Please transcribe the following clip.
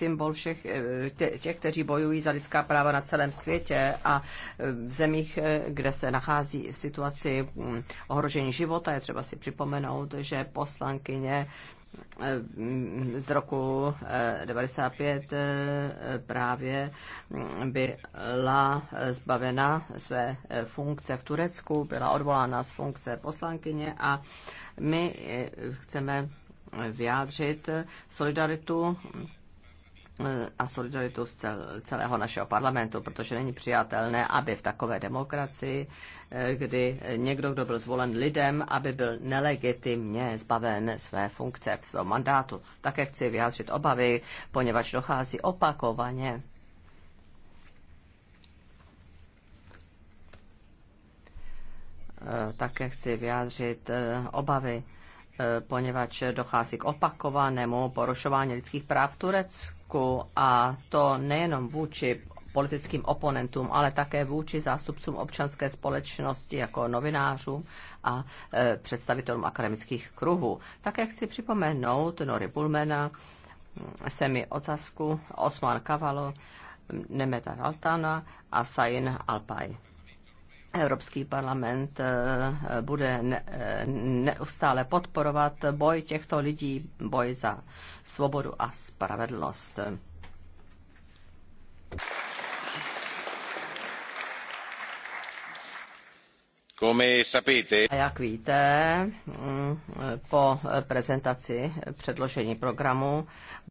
symbol všech eh, těch, kteří bojují za lidská práva na celém světě a eh, v zemích, eh, kde se nachází v situaci hm, ohrožení života, je třeba si připomenout, že poslankyně z roku 95 právě hm, byla zbavena své funkce v Turecku, byla odvolána z funkce poslankyně a my chceme vyjádřit solidaritu hm, a solidaritu z celého našeho parlamentu, protože není přijatelné, aby v takové demokracii, eh, kdy někdo, kdo byl zvolen lidem, aby byl nelegitimně zbaven své funkce, svého mandátu. Také chci vyjádřit obavy, poněvadž dochází opakovaně eh, také chci vyjádřit eh, obavy, poněvadž dochází k opakovanému porušování lidských práv v Turecku kroku a to nejenom vůči politickým oponentům, ale také vůči zástupcům občanské společnosti jako novinářům a e, představitelům akademických kruhů. Také chci připomenout Nory Bulmena, mm, Semi Ocasku, Osman Kavalo, Nemeta Altana a Sain Alpaj. Evropský parlament eh, bude eh, neustále podporovat boj těchto lidí, boj za svobodu a spravedlnost. A jak víte, mm, po prezentaci předložení programu